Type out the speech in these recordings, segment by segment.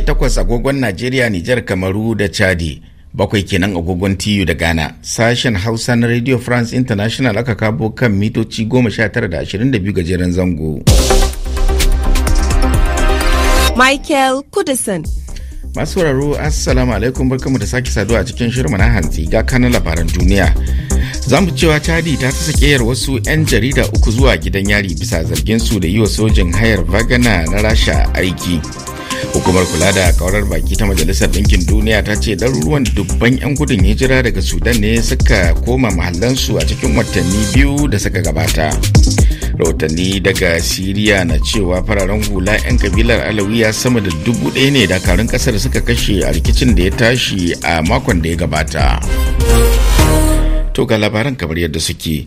karfe 8 agogon Najeriya, Nijar, Kamaru da Chadi. Bakwai kenan agogon TU da Ghana. Sashen Hausa na Radio France International aka kabo kan mitoci 19.22 gajeren zango. Michael Kudison. Masu wararo Assalamu alaikum barkamu da sake saduwa a cikin shirin na hantsi ga kanan labaran duniya. zamu mu cewa chadi ta ta sakeyar wasu 'yan jarida uku zuwa gidan yari bisa zargin su da yi wa sojin hayar vagana na rasha aiki hukumar kula da kawarar baki ta majalisar ɗinkin duniya ta ce ɗaruruwan dubban 'yan gudun hijira daga sudan ne suka koma mahallansu a cikin watanni biyu da suka gabata rahotanni daga siriya na cewa fararen hula 'yan kabilar alawiya sama da dubu ɗaya ne dakarun ƙasar suka kashe a rikicin da ya tashi a makon da ya gabata to labaran kamar yadda suke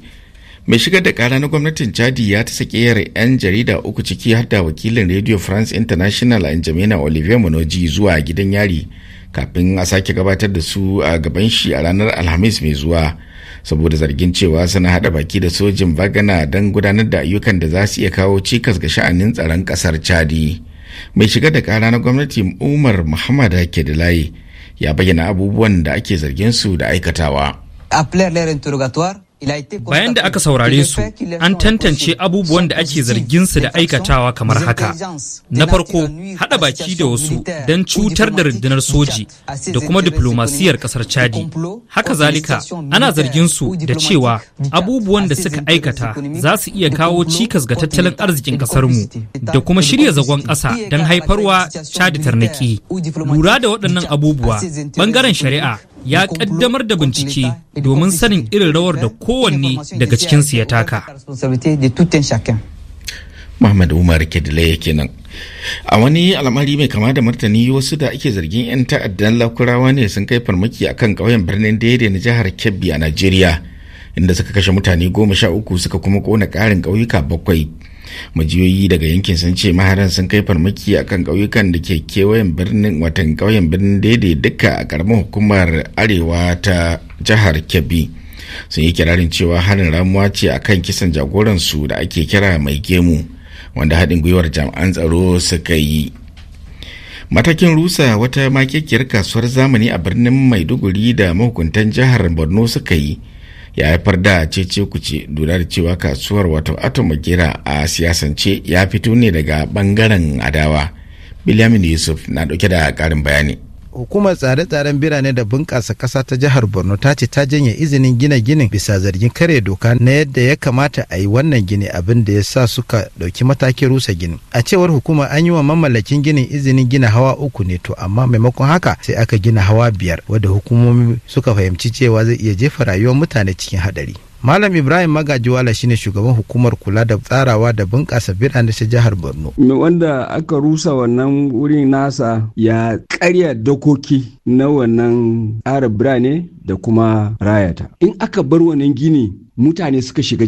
mai shigar da kara na gwamnatin chadi ya ta sake yare 'yan jarida uku ciki har da wakilin radio france international a jamina olivier monoji zuwa gidan yari kafin a sake gabatar da su a gaban shi a ranar alhamis mai zuwa saboda zargin cewa suna hada baki da sojin bagana don gudanar da ayyukan da za su iya kawo cikas ga sha'anin tsaron kasar chadi mai shigar da kara na gwamnati umar muhammad ke ya bayyana abubuwan da ake zargin su da aikatawa Bayan da aka saurare su, an tantance abubuwan da ake zargin su da aikatawa kamar haka. Na farko, haɗa baki da wasu don cutar da rundunar soji da kuma diplomasiyar ƙasar Chadi. Haka zalika, ana zargin su da cewa abubuwan da suka aikata za su iya kawo cikas ga tattalin arzikin ƙasarmu da kuma shirya zagon ƙasa don haifarwa Chadi tarnaki. Lura da waɗannan abubuwa, ɓangaren shari'a ya kaddamar da bincike domin sanin irin rawar da kowanne daga cikinsu ya taka. Muhammad Umar Kedile kenan. A wani al'amari mai kama da martani wasu da ake zargin 'yan ta'addan lakurawa ne sun kai farmaki a kan ƙauyen birnin Dede na jihar Kebbi a Najeriya, inda suka kashe mutane goma sha uku suka kuma ƙona ƙarin ƙauyuka bakwai. majiyoyi daga yankin sun ce maharan sun kai farmaki a kan ƙauyukan da ke kewayen birnin watan ƙauyen birnin daidai duka a karamin hukumar arewa ta jihar kebbi sun yi kirarin cewa harin ramuwa ce a kan kisan jagoransu da ake kira mai gemu wanda haɗin gwiwar jami'an tsaro suka yi matakin rusa wata makekiyar kasuwar zamani a birnin maiduguri da mahukuntan jihar borno suka yi ya haifar da cece ce, lura da cewa kasuwar wato atom makera a siyasance ya fito ne daga bangaren adawa bilyamin yusuf na dauke da karin bayani hukumar tsare-tsaren birane da bunƙasa ƙasa ta jihar borno ta ce ta janye izinin gina ginin bisa zargin kare doka na yadda ya kamata a yi wannan gini abin da ya sa suka ɗauki matakin rusa ginin a cewar hukuma an yi wa mamallakin ginin izinin gina hawa uku ne to amma maimakon haka sai aka gina hawa biyar wadda hukumomi suka fahimci cewa zai iya jefa rayuwar mutane cikin haɗari Malam Ibrahim Magajiwala shine shugaban hukumar kula da tsarawa da bunƙasa birane ta jihar Borno. Wanda aka rusa wannan wurin nasa ya karya dokoki na wannan ƙara birane da kuma rayata in aka bar wannan gini mutane suka shiga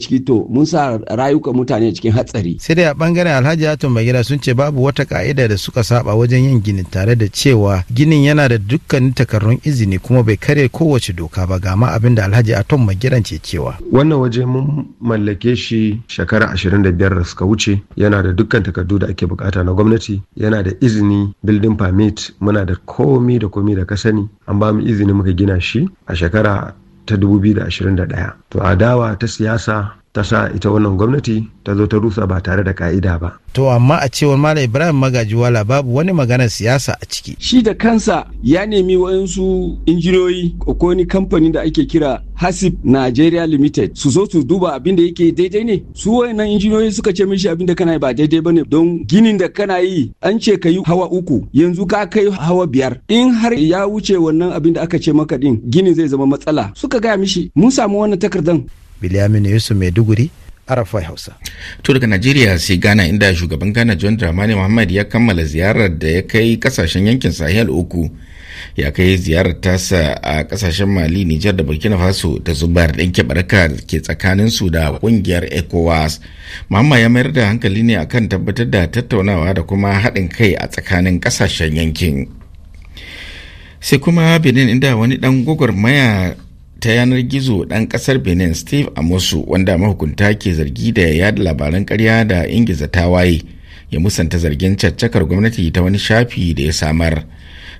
ciki to mun sa rayuka mutane cikin hatsari sai dai a bangaren alhaji atun gida sun ce babu wata ka'ida da suka saba wajen yin gini tare da cewa ginin yana da dukkanin takarrun izini kuma bai karya kowace doka ba ga ma abin da alhaji atun magiran ce cewa wannan waje mun mallake shi shekara 25 da suka wuce yana da dukkan takardu da ake bukata na gwamnati yana da izini building permit muna da komi da komi da ka sani an ba mu izini muka gina shi a shekara ta 2021 to adawa ta siyasa ta sa ita wannan gwamnati ta zo ta rusa ba tare da ka'ida ba. To amma a cewar Malam Ibrahim Magajiwala babu wani maganar siyasa a ciki. Shi da kansa ya nemi wayansu injiniyoyi ko wani kamfani da ake kira Hasib Nigeria Limited su zo su duba abin da yake daidai ne. Su wayannan injiniyoyi suka ce mishi abin da kana yi ba daidai bane don ginin da kana yi an ce ka yi hawa uku yanzu ka kai hawa biyar. In har ya wuce wannan abin da aka ce maka din ginin zai zama matsala. Suka gaya mishi mun samu wannan takardan Bilyaminu Yusuf Maiduguri Arafai Hausa. To daga Najeriya sai Ghana inda shugaban Ghana John Dramani Muhammad ya kammala ziyarar da ya kai kasashen yankin Sahel uku. Ya kai ziyarar tasa a kasashen Mali, Nijar da Burkina Faso da zubar ɗin barka ke tsakanin su da ƙungiyar ECOWAS. Muhammad ya mayar da hankali ne akan tabbatar da tattaunawa da kuma haɗin kai a tsakanin kasashen yankin. Sai kuma Benin inda wani ɗan gwagwarmaya ta yanar gizo ɗan ƙasar benin steve amosu wanda mahukunta ke zargi da ya yada labaran karya da ingiza waye ya musanta zargin caccakar gwamnati ta wani shafi da ya samar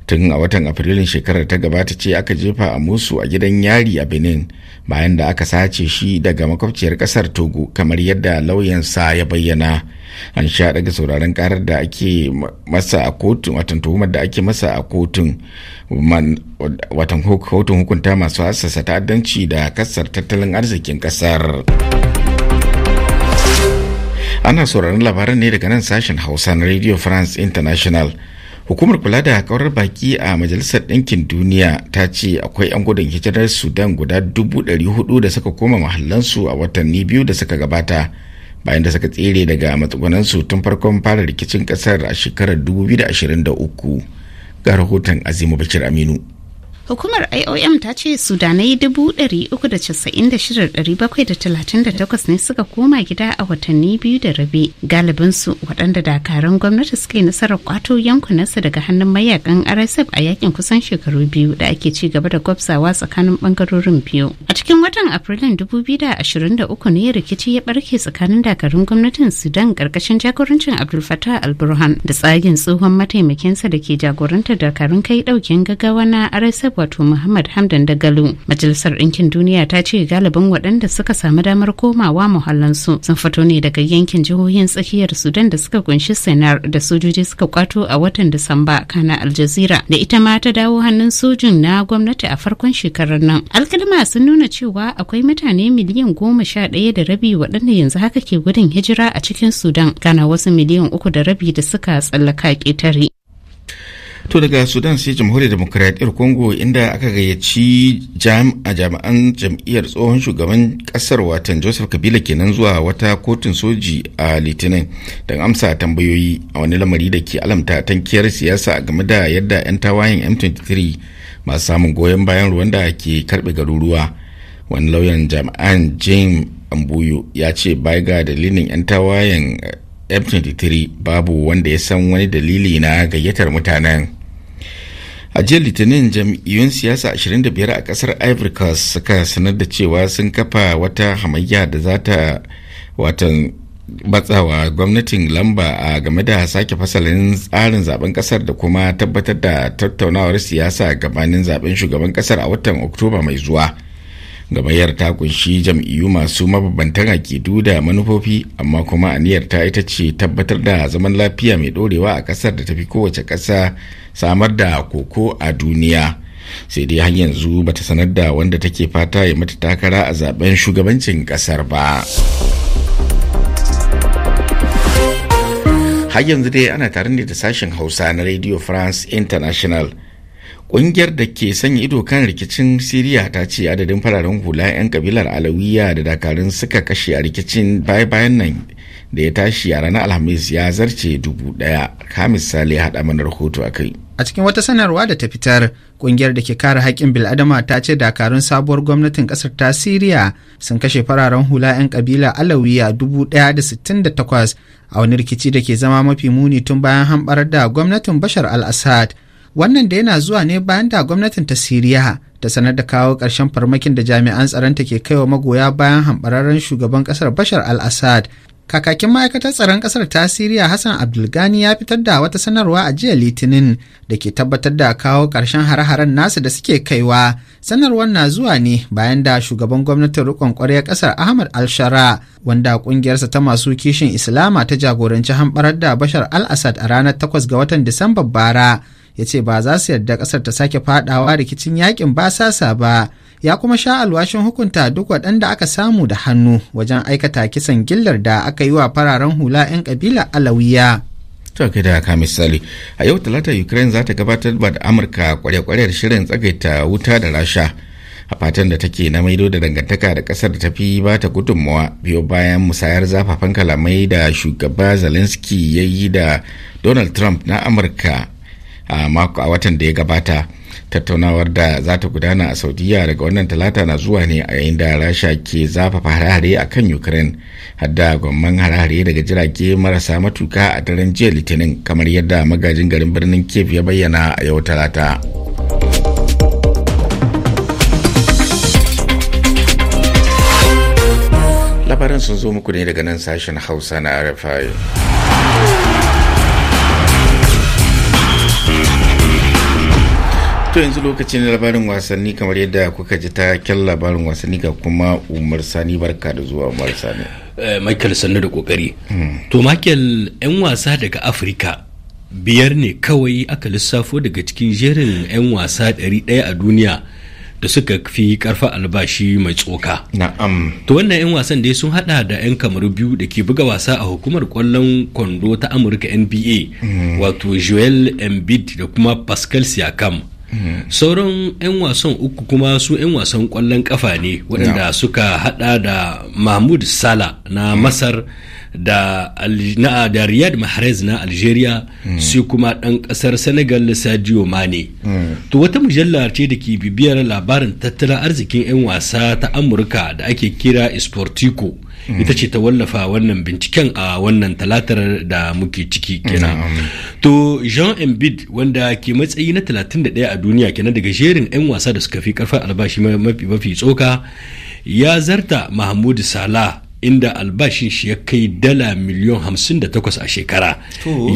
tun a watan afrilun shekarar ta gabata ce aka jefa a musu a gidan yari a benin bayan da aka sace shi daga makwabciyar kasar togo kamar yadda lauyansa ya bayyana an sha daga sauraron karar da ake masa a kotun watan tuhumar da ake masa a kotun watan hotun hukunta masu hassasa ta'addanci da kasar tattalin arzikin kasar ana sauraron labaran ne daga nan sashen hausa na radio france international hukumar kula da kawar baki a majalisar ɗinkin duniya ta ce akwai 'yan gudun hijirar sudan guda 400 da suka koma mahallansu a watanni biyu da suka gabata bayan da suka tsere daga matsugunansu tun farkon fara rikicin kasar a shekarar 2023 ga rahoton azimu bashir aminu Hukumar IOM ta ce Sudanai 396,738 ne suka koma gida a watanni biyu da rabe. Galibinsu waɗanda dakarun gwamnati suka yi nasarar kwato yankunansu daga hannun mayakan RSF a yakin kusan shekaru biyu da ake ci gaba da gwabzawa tsakanin bangarorin biyu. A cikin watan Afrilun 2023 ne rikici ya barke tsakanin dakarun gwamnatin Sudan karkashin jagorancin Abdul Fattah al-Burhan da tsagin tsohon mataimakinsa da ke jagorantar dakarun kai ɗaukin gaggawa na RSF wato Muhammad Hamdan Dagalu, Majalisar Ɗinkin Duniya ta ce galibin waɗanda suka samu damar komawa muhallansu sun fito ne daga yankin jihohin tsakiyar Sudan da suka kunshi Senar da sojoji suka kwato a watan Disamba kana Aljazira da ita ma ta dawo hannun sojin na gwamnati a farkon shekarar nan. Alkalma sun nuna cewa akwai mutane miliyan goma sha ɗaya da rabi waɗanda yanzu haka ke gudun hijira a cikin Sudan kana wasu miliyan uku da rabi da suka tsallaka ƙetare. To daga Sudan sai jamhuriyar demokuraɗiyar Congo inda aka gayyaci jami'an jam'iyyar tsohon shugaban kasar watan Joseph Kabila kenan zuwa wata kotun soji a Litinin don amsa tambayoyi a wani lamari da ke alamta tankiyar siyasa game da yadda 'yan tawayen M23 masu samun goyon bayan ruwan da ke karbe garuruwa. Wani lauyan jami'an Jim Ambuyo ya ce bai ga dalilin 'yan tawayen m 23 babu wanda ya san wani dalili na gayyatar mutanen. a jiya litinin jam'iyyun siyasa 25 a kasar ivory coast suka sanar da cewa sun kafa wata hamayya da za ta watan batsawa gwamnatin lamba a game da sake fasalin tsarin zaben kasar da kuma tabbatar da tattaunawar siyasa gabanin zaben shugaban kasar a watan oktoba mai zuwa gamayyar ta kunshi jam'iyyu masu mabambantan akidu da manufofi amma kuma aniyar ta ita ce tabbatar da zaman lafiya mai dorewa a kasar da tafi kowace kasa samar da koko a duniya sai dai har yanzu bata sanar da wanda take fata ya mata takara a zaben shugabancin kasar ba har yanzu dai ana tare ne da sashen hausa na radio france international Ƙungiyar da ke sanya ido kan rikicin Siriya ta ce adadin fararen hula 'yan kabilar Alawiya da dakarun suka kashe a rikicin bayan nan da ya tashi a ranar alhamis ya zarce dubu daya ka misali haɗa mana rahoto a kai a cikin wata sanarwa da ta fitar kungiyar da ke kare haƙƙin bil'adama ta ce dakarun sabuwar gwamnatin ƙasar ta siriya sun kashe fararen hula 'yan ƙabila alawiya dubu da da sittin takwas a wani rikici da ke zama mafi muni tun bayan hamɓarar da gwamnatin bashar al-assad wannan da yana zuwa ne bayan da gwamnatin ta siriya ta sanar da kawo ƙarshen farmakin da jami'an ta ke kaiwa magoya bayan hambararren shugaban ƙasar bashar al-assad kakakin ma'aikatar tsaron kasar ta siriya hassan abdulgani ya fitar da wata sanarwa a jiya litinin da ke tabbatar da kawo ƙarshen hare-haren nasu da suke kaiwa sanarwar na zuwa ne bayan da shugaban gwamnatin rikon kwarya ƙasar ahmad alshara wanda ƙungiyarsa ta masu kishin islama ta jagoranci hamɓarar da bashar al-assad a ranar 8 ga watan disamba bara ya ce ba za su yarda ƙasar ta sake faɗawa rikicin yakin sasa ba ya kuma sha alwashin hukunta duk waɗanda aka samu da hannu wajen aikata kisan gillar da aka yi wa fararen hula 'yan kabila alawiya. to kai da ka misali a yau talata ukraine za ta gabatar da amurka kware-kwaryar shirin tsagaita wuta da rasha a fatan da take na maido da dangantaka da ƙasar da fi ba ta gudunmawa biyo bayan musayar zafafan kalamai da shugaba zelensky ya yi da donald trump na amurka a watan da ya gabata tattaunawar da za ta gudana a saudiya daga wannan talata na zuwa ne a yayin da rasha ke zafafa harare a kan ukraine hadda gwamman harare daga jirage marasa matuka a daren jiya litinin kamar yadda magajin garin birnin kiev ya bayyana a yau talata labaran sun zo muku ne daga nan sashen hausa na rfi to yanzu lokacin labarin wasanni kamar yadda kuka ji ta kyan labarin wasanni ga kuma umar sani barka da zuwa umar sani eh, michael sannu da kokari hmm. to michael yan wasa daga afirka biyar ne kawai aka lissafo daga cikin jerin 'yan wasa 100 a duniya da suka fi karfa albashi mai tsoka. Na'am. To wannan 'yan wasan dai sun hada da 'yan kamaru biyu da ke buga wasa a hukumar kwallon kwando ta Amurka NBA, hmm. wato Joel Embiid da kuma Pascal Siakam. sauran 'yan wasan uku kuma su 'yan wasan kwallon kafa ne waɗanda suka hada da mahmud sala na masar da na da Riyad Mahrez na Algeria hmm. sai kuma dan kasar Senegal Sadio Mane hmm. to wata mujalla ce da ke bibiyar labarin tattalin arzikin 'yan wasa ta Amurka da ake kira Sportico hmm. ita ce ta wallafa wannan binciken a wannan talatar da muke ciki kenan to Jean Embiid wanda ke matsayi na 31 a duniya kenan daga jerin 'yan wasa da suka fi karfin albashi mafi tsoka ya zarta Mahmud Salah inda albashin shi ya kai dala miliyon hamsin da takwas a shekara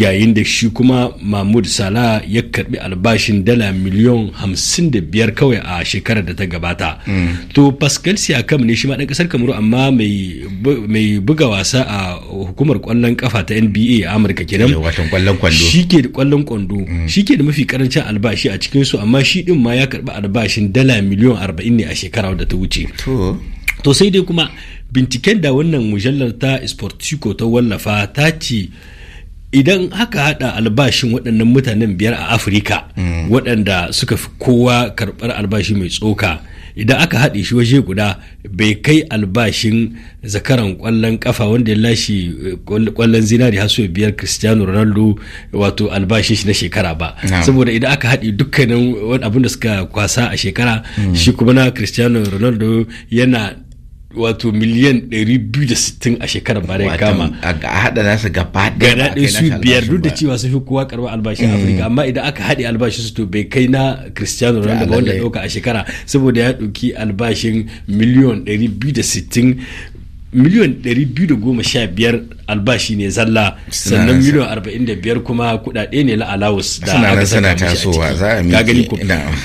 yayin da shi kuma mahmud sala ya karbi albashin dala miliyon hamsin da biyar kawai a shekarar da ta gabata mm. to pascal siakam ne shi ma dan kasar kamaru amma mai buga wasa a hukumar kwallon kafa ta nba a amurka kenan shi eh, ke da kwallon kwando shi ke da mm. mafi karancin albashi a cikin su amma shi din ma ya karbi albashin dala miliyon arba'in ne a shekara da ta wuce to sai dai kuma binciken da wannan mujallar ta sportico ta wallafa ta ci idan haka hada albashin waɗannan mutanen biyar a afirka mm. waɗanda suka fi kowa karɓar albashi mai tsoka idan aka haɗe shi waje guda bai kai albashin zakaran ƙwallon kafa wanda ya lashe eh, ƙwallon zinari haso biyar cristiano ronaldo wato albashin shi na shekara ba saboda idan aka haɗe dukkanin abin da suka kwasa a shekara mm. shi kuma na cristiano ronaldo yana wato miliyan 260 a shekarar bara ya kama a hada nasa gaba ɗaya ɗaya su biyar duk da cewa sun fi kowa albashi. albashin mm. afirka amma idan aka haɗe albashin su to bai kai na cristiano ronaldo ba wanda ɗauka a shekara saboda ya ɗauki albashin miliyan 260 miliyon 215 albashi ne zalla sannan miliyon 45 kuma kudade ne la alawus da aka so wa za a gani ko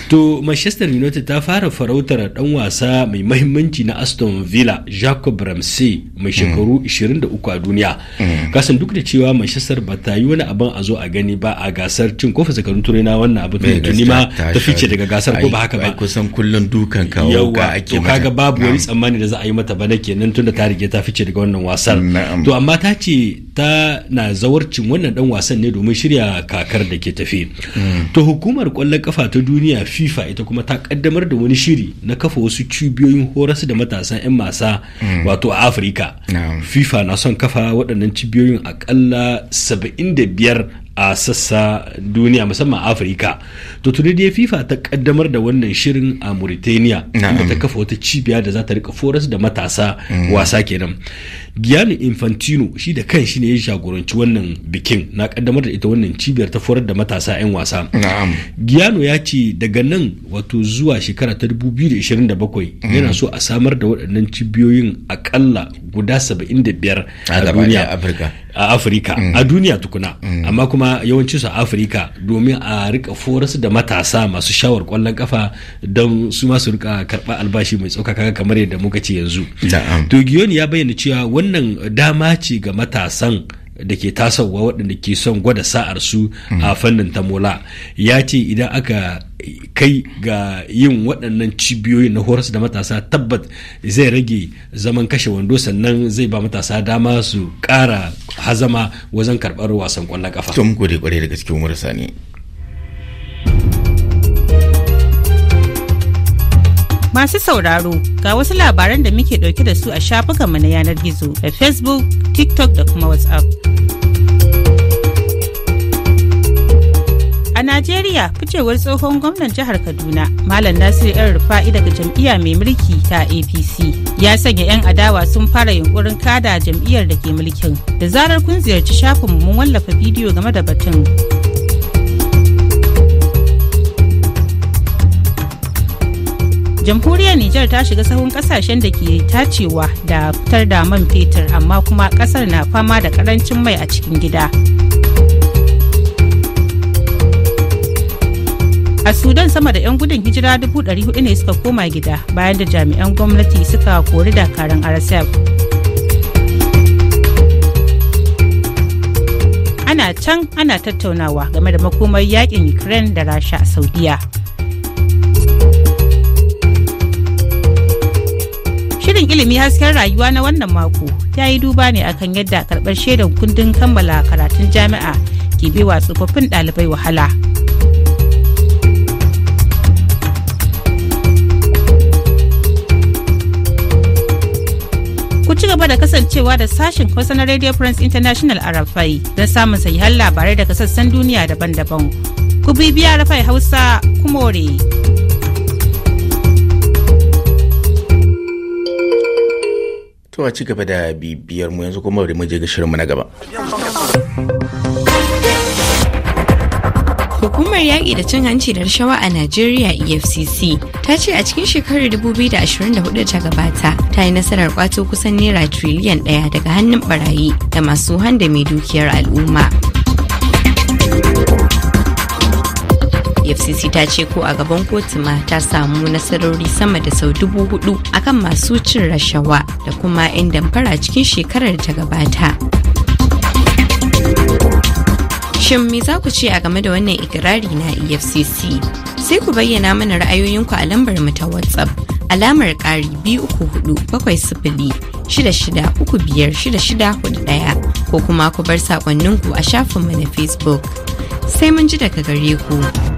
to Manchester United ta fara farautar dan wasa mai mahimmanci na Aston Villa Jacob Ramsey mai hmm. shekaru 23 a duniya hmm. kasan duk da cewa Manchester ba ta yi wani abin a zo a gani ba a gasar cin kofa zakarun turai na wannan abu da tuni ma ta fice daga gasar ko ba haka ba kusan kullun dukan kawo ka ake mata kaga babu wani tsammani da za a yi mata ba na kenan tunda ta rige ta fice daga wannan wasar to amma ta ce ta na zawarcin wannan ɗan wasan ne domin shirya kakar da ke tafi hmm. to hukumar kwallon kafa ta duniya fifa ita kuma ta kaddamar da wani shiri na kafa wasu cibiyoyin horas da matasan 'yan masa hmm. wato a afirka fifa na son kafa waɗannan cibiyoyin da biyar. a sassa duniya musamman afirka to tuni dai fifa ta kaddamar da wannan shirin a mauritania inda ta kafa wata cibiya da za ta rika forest da matasa mm. wasa kenan gianni infantino shi da kan shi ne ya jagoranci wannan bikin na kaddamar da ita wannan cibiyar ta forar da matasa 'yan wasa giano ya ce daga nan wato zuwa shekara ta 2027 mm. yana so a samar da waɗannan cibiyoyin akalla guda 75 a duniya a afirka mm. a duniya tukuna mm. amma kuma yawancin su a afirka domin a rika forasu da matasa masu shawar kwallon kafa don su masu rika karba albashi mai tsaukaka kamar yadda muka ce yanzu to giyoni ya bayyana cewa wannan dama ce ga matasan da ke tasowa waɗanda ke son gwada sa'ar su a mm. fannin tamola ya ce idan aka kai ga yin waɗannan cibiyoyi na horas da matasa tabbat zai rage zaman kashe wando sannan zai ba matasa dama su ƙara hazama wajen karɓar wasan ƙwallon ƙafa. Tun gode ƙwarai daga cikin marasa ne. Masu sauraro ga wasu labaran da muke ɗauke da su a shafukanmu na yanar gizo da Facebook, TikTok da kuma WhatsApp. A Najeriya ficewar tsohon gwamnan jihar Kaduna Malam Nasiru yan Rufa'i daga jam'iyya mai mulki ta APC ya sanya 'yan adawa sun fara yunkurin kada jam'iyyar da ke mulkin. Da zarar kun ziyarci shafinmu mun wallafa bidiyo game da batun. jamhuriyar Nijar ta shiga sahun kasashen da ke tacewa da fitar da man fetur amma kuma kasar na fama da karancin mai a cikin gida. a sudan sama da 'yan gudun hijira 400 ne suka koma gida bayan da jami'an gwamnati suka kori dakarun rsf ana can ana tattaunawa game da makomar yakin ukraine da rasha a saudiya Shirin ilimi hasken rayuwa na wannan mako ya yi duba ne akan yadda karɓar shaidan kundin kammala karatun jami'a ke bewa tsofaffin ɗalibai wahala. ci gaba da kasancewa da sashen Hausa na Radio France International a Rafai don samun sahihan labarai daga sassan duniya daban-daban. Ku bibiya Rafai Hausa kumore. To a ci gaba da bibiyar mu yanzu kuma bari mu je ga shirinmu na gaba. Hukumar yaƙi da cin hanci da rashawa a Najeriya EFCC ta ce a cikin shekarar 2024 ta gabata ta yi nasarar kwato kusan naira triliyan ɗaya daga hannun barayi da masu handa mai dukiyar al'umma. EFCC ta ce ko a gaban kotu ma ta samu nasarori sama da sau dubu hudu akan masu cin rashawa da kuma 'yan damfara cikin shekarar ta gabata. Shin me za ku ce a game da wannan ikirari na EFCC? Sai ku bayyana mana ra'ayoyinku a lambar mu ta WhatsApp alamar ƙari biyu uku hudu bakwai sifili shida shida uku biyar shida shida hudu ɗaya ko kuma ku bar saƙonninku a shafinmu na Facebook. Sai mun ji daga gare ku.